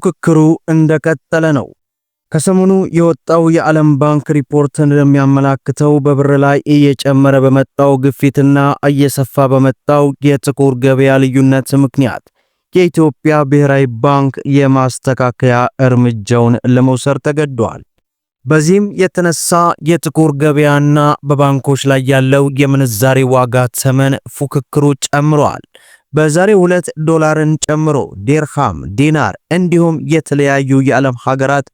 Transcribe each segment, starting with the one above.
ፉክክሩ እንደቀጠለ ነው። ከሰሞኑ የወጣው የዓለም ባንክ ሪፖርት እንደሚያመላክተው በብር ላይ እየጨመረ በመጣው ግፊትና እየሰፋ በመጣው የጥቁር ገበያ ልዩነት ምክንያት የኢትዮጵያ ብሔራዊ ባንክ የማስተካከያ እርምጃውን ለመውሰድ ተገዷል። በዚህም የተነሳ የጥቁር ገበያና በባንኮች ላይ ያለው የምንዛሬ ዋጋ ተመን ፉክክሩ ጨምሯል። በዛሬው ዕለት ዶላርን ጨምሮ ዲርሃም፣ ዲናር እንዲሁም የተለያዩ የዓለም ሀገራት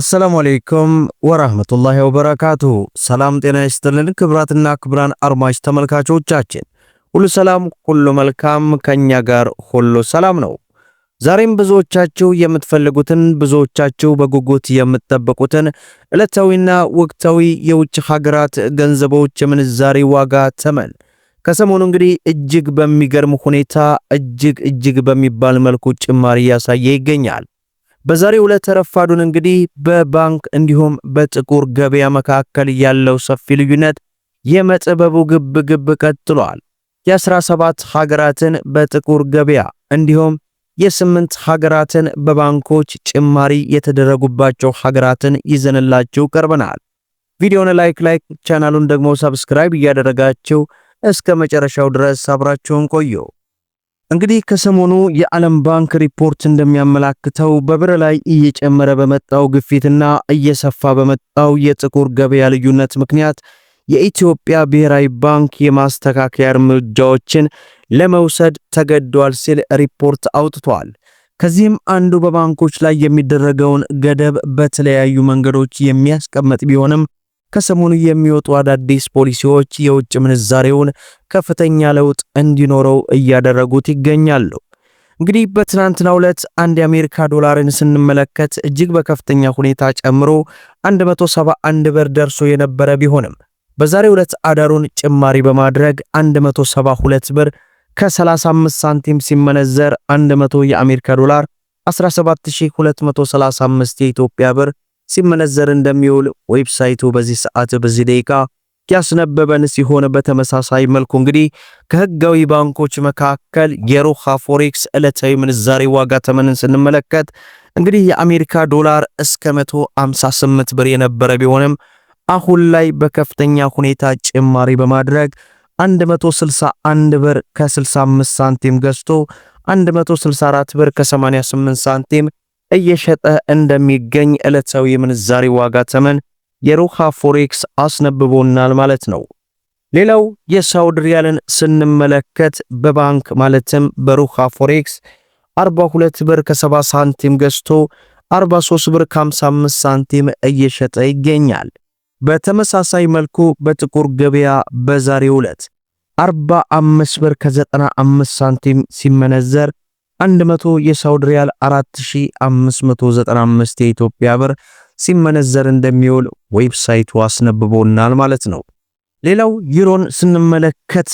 አሰላሙ አለይኩም ወራህመቱላሂ ወበረካቱ። ሰላም ጤና ይስጥልን ክብራትና ክብራን አድማጭ ተመልካቾቻችን ሁሉ ሰላም ሁሉ መልካም፣ ከኛ ጋር ሁሉ ሰላም ነው። ዛሬም ብዙዎቻችሁ የምትፈልጉትን ብዙዎቻችሁ በጉጉት የምትጠብቁትን ዕለታዊና ወቅታዊ የውጭ ሀገራት ገንዘቦች የምንዛሬ ዋጋ ተመን ከሰሞኑ እንግዲህ እጅግ በሚገርም ሁኔታ እጅግ እጅግ በሚባል መልኩ ጭማሪ እያሳየ ይገኛል። በዛሬው ዕለት ረፋዱን እንግዲህ በባንክ እንዲሁም በጥቁር ገበያ መካከል ያለው ሰፊ ልዩነት የመጥበቡ ግብ ግብ ቀጥሏል። የ17 ሀገራትን በጥቁር ገበያ እንዲሁም የስምንት ሀገራትን በባንኮች ጭማሪ የተደረጉባቸው ሀገራትን ይዘንላችሁ ቀርበናል። ቪዲዮውን ላይክ ላይክ ቻናሉን ደግሞ ሰብስክራይብ እያደረጋችሁ እስከ መጨረሻው ድረስ አብራቸውን ቆዩ። እንግዲህ ከሰሞኑ የዓለም ባንክ ሪፖርት እንደሚያመላክተው በብር ላይ እየጨመረ በመጣው ግፊትና እየሰፋ በመጣው የጥቁር ገበያ ልዩነት ምክንያት የኢትዮጵያ ብሔራዊ ባንክ የማስተካከያ እርምጃዎችን ለመውሰድ ተገዷል ሲል ሪፖርት አውጥቷል። ከዚህም አንዱ በባንኮች ላይ የሚደረገውን ገደብ በተለያዩ መንገዶች የሚያስቀምጥ ቢሆንም ከሰሞኑ የሚወጡ አዳዲስ ፖሊሲዎች የውጭ ምንዛሬውን ከፍተኛ ለውጥ እንዲኖረው እያደረጉት ይገኛሉ። እንግዲህ በትናንትናው ዕለት አንድ የአሜሪካ ዶላርን ስንመለከት እጅግ በከፍተኛ ሁኔታ ጨምሮ 171 ብር ደርሶ የነበረ ቢሆንም በዛሬው ዕለት አዳሩን ጭማሪ በማድረግ 172 ብር ከ35 ሳንቲም ሲመነዘር 100 የአሜሪካ ዶላር 17235 የኢትዮጵያ ብር ሲመነዘር እንደሚውል ዌብሳይቱ በዚህ ሰዓት በዚህ ደቂቃ ያስነበበን ሲሆን በተመሳሳይ መልኩ እንግዲህ ከህጋዊ ባንኮች መካከል የሮሃ ፎሬክስ ዕለታዊ ምንዛሬ ዋጋ ተመንን ስንመለከት እንግዲህ የአሜሪካ ዶላር እስከ 158 ብር የነበረ ቢሆንም አሁን ላይ በከፍተኛ ሁኔታ ጭማሪ በማድረግ 161 ብር ከ65 ሳንቲም ገዝቶ 164 ብር ከ88 ሳንቲም እየሸጠ እንደሚገኝ ዕለታዊ የምንዛሬ ዋጋ ተመን የሮሃ ፎሬክስ አስነብቦናል ማለት ነው። ሌላው የሳውዲ ሪያልን ስንመለከት በባንክ ማለትም በሩሃ ፎሬክስ 42 ብር ከ70 ሳንቲም ገዝቶ 43 ብር ከ55 ሳንቲም እየሸጠ ይገኛል። በተመሳሳይ መልኩ በጥቁር ገበያ በዛሬው ዕለት 45 ብር ከ95 ሳንቲም ሲመነዘር 100 የሳውዲ ሪያል 4595 የኢትዮጵያ ብር ሲመነዘር እንደሚውል ዌብሳይቱ አስነብቦናል ማለት ነው። ሌላው ዩሮን ስንመለከት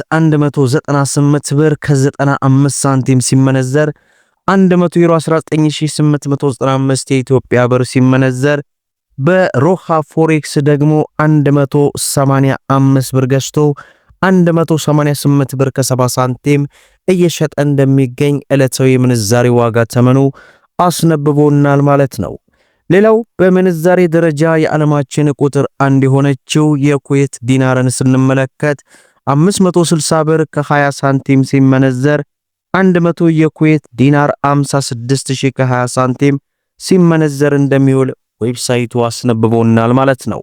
198 ብር ከ95 ሳንቲም ሲመነዘር 100 ዩሮ 19895 የኢትዮጵያ ብር ሲመነዘር በሮሃ ፎሬክስ ደግሞ 185 ብር ገዝቶ 188 ብር ከ70 ሳንቲም እየሸጠ እንደሚገኝ ዕለታዊ ምንዛሬ ዋጋ ተመኑ አስነብቦናል ማለት ነው። ሌላው በምንዛሬ ደረጃ የዓለማችን ቁጥር አንድ የሆነችው የኩዌት ዲናርን ስንመለከት 560 ብር ከ20 ሳንቲም ሲመነዘር 100 የኩዌት ዲናር ከ 20 ሳንቲም ሲመነዘር እንደሚውል ዌብሳይቱ አስነብቦናል ማለት ነው።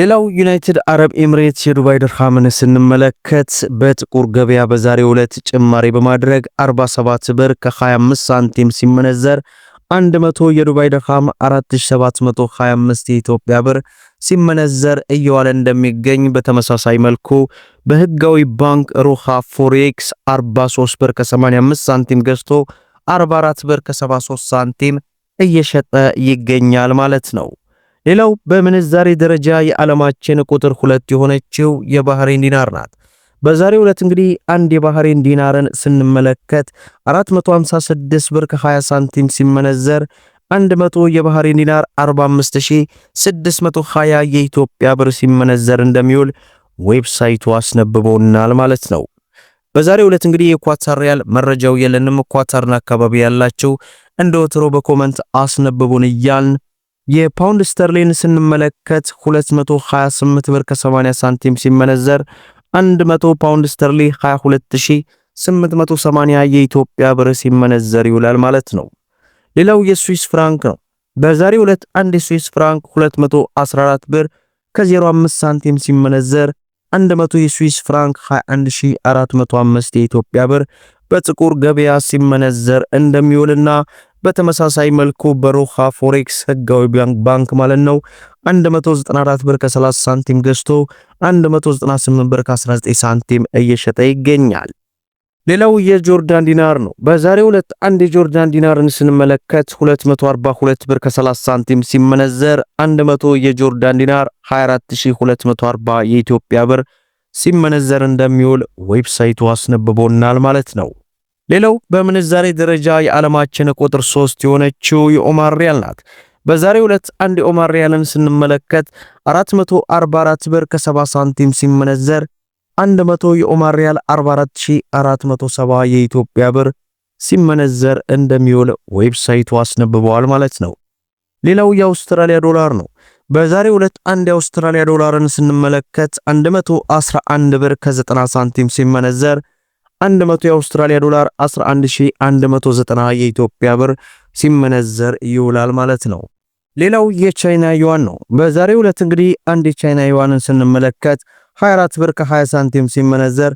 ሌላው ዩናይትድ አረብ ኤምሬትስ የዱባይ ድርሃምን ስንመለከት በጥቁር ገበያ በዛሬው ዕለት ጭማሪ በማድረግ 47 ብር ከ25 ሳንቲም ሲመነዘር 100 የዱባይ ድርሃም 4725 የኢትዮጵያ ብር ሲመነዘር እየዋለ እንደሚገኝ በተመሳሳይ መልኩ በህጋዊ ባንክ ሩሃ ፎሬክስ 43 ብር ከ85 ሳንቲም ገዝቶ 44 ብር ከ73 ሳንቲም እየሸጠ ይገኛል ማለት ነው። ሌላው በምንዛሬ ደረጃ የዓለማችን ቁጥር ሁለት የሆነችው የባህሬን ዲናር ናት። በዛሬው ዕለት እንግዲህ አንድ የባህሬን ዲናርን ስንመለከት 456 ብር ከ20 ሳንቲም ሲመነዘር 100 የባህሬን ዲናር 45620 የኢትዮጵያ ብር ሲመነዘር እንደሚውል ዌብሳይቱ አስነብቦናል ማለት ነው። በዛሬው ዕለት እንግዲህ የኳታር ሪያል መረጃው የለንም። ኳታርን አካባቢ ያላቸው እንደ ወትሮ በኮመንት አስነብቡን እያልን የፓውንድ ስተርሊን ስንመለከት 228 ብር ከ80 ሳንቲም ሲመነዘር 100 ፓውንድ ስተርሊ 22880 የኢትዮጵያ ብር ሲመነዘር ይውላል ማለት ነው። ሌላው የስዊስ ፍራንክ ነው። በዛሬው ዕለት አንድ የስዊስ ፍራንክ 214 ብር ከ05 ሳንቲም ሲመነዘር 100 የስዊስ ፍራንክ 21405 የኢትዮጵያ ብር በጥቁር ገበያ ሲመነዘር እንደሚውልና በተመሳሳይ መልኩ በሮሃ ፎሬክስ ህጋዊ ባንክ ማለት ነው 194 ብር ከ30 ሳንቲም ገዝቶ 198 ብር ከ19 ሳንቲም እየሸጠ ይገኛል። ሌላው የጆርዳን ዲናር ነው። በዛሬው ዕለት አንድ የጆርዳን ዲናርን ስንመለከት 242 ብር ከ30 ሳንቲም ሲመነዘር 100 የጆርዳን ዲናር 24240 የኢትዮጵያ ብር ሲመነዘር እንደሚውል ዌብሳይቱ አስነብቦናል ማለት ነው። ሌላው በምንዛሬ ደረጃ የዓለማችን ቁጥር ሶስት የሆነችው የኦማር ሪያል ናት። በዛሬው ዕለት አንድ የኦማር ሪያልን ስንመለከት 444 ብር ከ70 ሳንቲም ሲመነዘር 100 የኦማር ሪያል 44470 የኢትዮጵያ ብር ሲመነዘር እንደሚውል ዌብሳይቱ አስነብበዋል ማለት ነው። ሌላው የአውስትራሊያ ዶላር ነው። በዛሬው ዕለት አንድ የአውስትራሊያ ዶላርን ስንመለከት 111 ብር ከ90 ሳንቲም ሲመነዘር 100 የአውስትራሊያ ዶላር 11190 የኢትዮጵያ ብር ሲመነዘር ይውላል ማለት ነው። ሌላው የቻይና ዩዋን ነው። በዛሬው ዕለት እንግዲህ አንድ የቻይና ዩዋንን ስንመለከት 24 ብር ከ20 ሳንቲም ሲመነዘር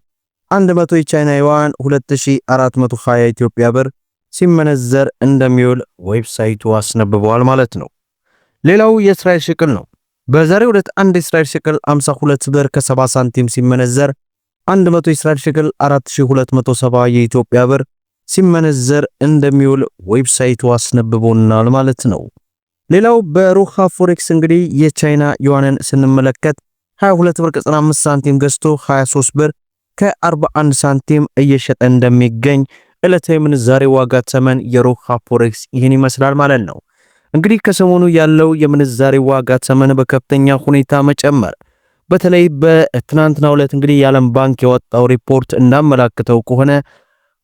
100 የቻይና ዩዋን 2420 የኢትዮጵያ ብር ሲመነዘር እንደሚውል ዌብሳይቱ አስነብበዋል ማለት ነው። ሌላው የእስራኤል ሽቅል ነው። በዛሬው ዕለት አንድ የእስራኤል ሽቅል 52 ብር ከ70 ሳንቲም ሲመነዘር 100 የእስራኤል ሽቅል 4270 የኢትዮጵያ ብር ሲመነዘር እንደሚውል ዌብሳይቱ አስነብቦናል ማለት ነው። ሌላው በሩሃ ፎሬክስ እንግዲህ የቻይና ዩዋንን ስንመለከት 22 ብር 95 ሳንቲም ገዝቶ 23 ብር ከ41 ሳንቲም እየሸጠ እንደሚገኝ ዕለታዊ ምንዛሬ ዋጋ ተመን የሩሃ ፎሬክስ ይህን ይመስላል ማለት ነው። እንግዲህ ከሰሞኑ ያለው የምንዛሬ ዋጋ ተመን በከፍተኛ ሁኔታ መጨመር በተለይ በትናንትናው ዕለት እንግዲህ የዓለም ባንክ የወጣው ሪፖርት እንዳመላክተው ከሆነ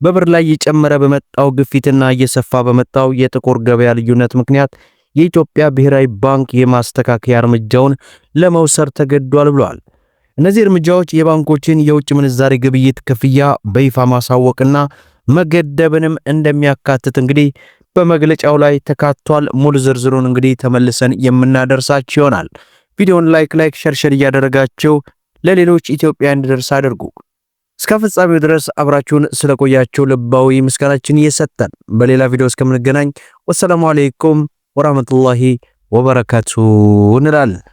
በብር ላይ እየጨመረ በመጣው ግፊትና እየሰፋ በመጣው የጥቁር ገበያ ልዩነት ምክንያት የኢትዮጵያ ብሔራዊ ባንክ የማስተካከያ እርምጃውን ለመውሰድ ተገዷል ብሏል። እነዚህ እርምጃዎች የባንኮችን የውጭ ምንዛሬ ግብይት ክፍያ በይፋ ማሳወቅና መገደብንም እንደሚያካትት እንግዲህ በመግለጫው ላይ ተካቷል። ሙሉ ዝርዝሩን እንግዲህ ተመልሰን የምናደርሳችሁ ይሆናል። ቪዲዮውን ላይክ ላይክ ሸርሸር እያደረጋቸው ለሌሎች ኢትዮጵያ እንዲደርስ አድርጉ። እስከ ፍጻሜው ድረስ አብራችሁን ስለቆያችሁ ልባዊ ምስጋናችን እየሰጠን በሌላ ቪዲዮ እስከምንገናኝ ወሰላሙ አለይኩም ወራህመቱላሂ ወበረካቱ እንላለን።